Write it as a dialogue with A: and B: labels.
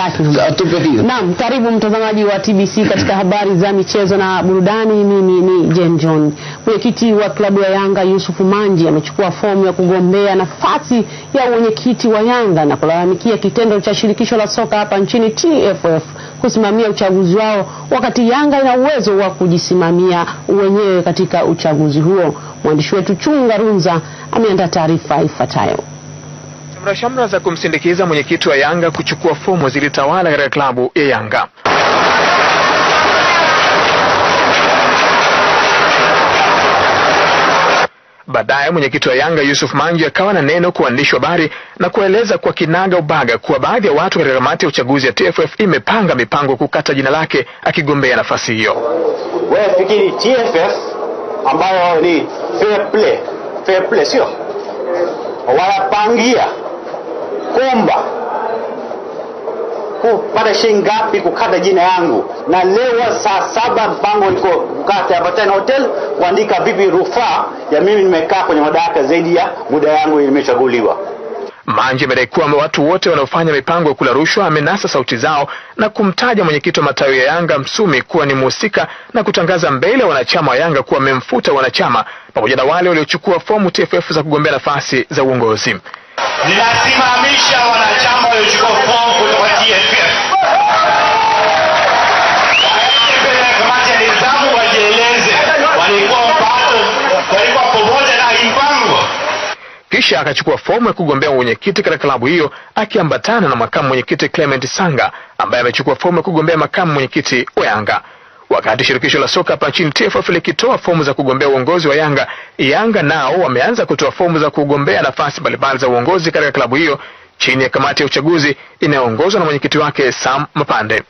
A: Tathmini. Naam, karibu mtazamaji wa TBC katika habari za michezo na burudani. Mimi ni Jen John. Mwenyekiti wa klabu ya Yanga Yusuf Manji amechukua fomu ya kugombea nafasi ya uwenyekiti wa Yanga na kulalamikia kitendo cha shirikisho la soka hapa nchini TFF kusimamia uchaguzi wao wakati Yanga ina uwezo wa kujisimamia wenyewe katika uchaguzi huo. Mwandishi wetu Chunga Runza ameandaa taarifa ifuatayo.
B: Shamrashamra za kumsindikiza mwenyekiti wa Yanga kuchukua fomu zilitawala katika klabu ya Yanga. Baadaye mwenyekiti wa Yanga Yusuf Manji akawa na neno kwa waandishi wa habari na kueleza kwa kinaga ubaga kuwa baadhi ya watu katika kamati ya uchaguzi ya TFF imepanga mipango kukata jina lake akigombea nafasi hiyo.
C: Wewe fikiri TFF ambayo ni fair play, fair play sio wanapangia kuomba kupata shilingi ngapi kukata jina yangu, na leo saa saba mpango iko kukata hapa tena hotel kuandika vipi rufaa ya mimi nimekaa kwenye madaraka zaidi ya muda yangu imechaguliwa.
B: Manji amedai kwamba watu wote wanaofanya mipango ya kula rushwa amenasa sauti zao na kumtaja mwenyekiti wa matawi ya Yanga Msumi kuwa ni mhusika na kutangaza mbele ya wanachama wa Yanga kuwa amemfuta wanachama pamoja na wale waliochukua fomu TFF za kugombea nafasi za uongozi.
D: Ninasimamisha wanachama waliochukua fomu kutoka TFF waende mbele ya kamati ya nidhamu, wajieleze walikuwa walikuwa pamoja na
B: Kisha akachukua fomu ya kugombea mwenyekiti katika klabu hiyo akiambatana na makamu mwenyekiti Clement Sanga ambaye amechukua fomu ya kugombea makamu mwenyekiti wa Yanga. Wakati shirikisho la soka hapa nchini TFF likitoa fomu za kugombea uongozi wa Yanga, Yanga nao wameanza kutoa fomu za kugombea nafasi mbalimbali za uongozi katika klabu hiyo chini ya kamati ya uchaguzi inayoongozwa na mwenyekiti wake Sam Mapande.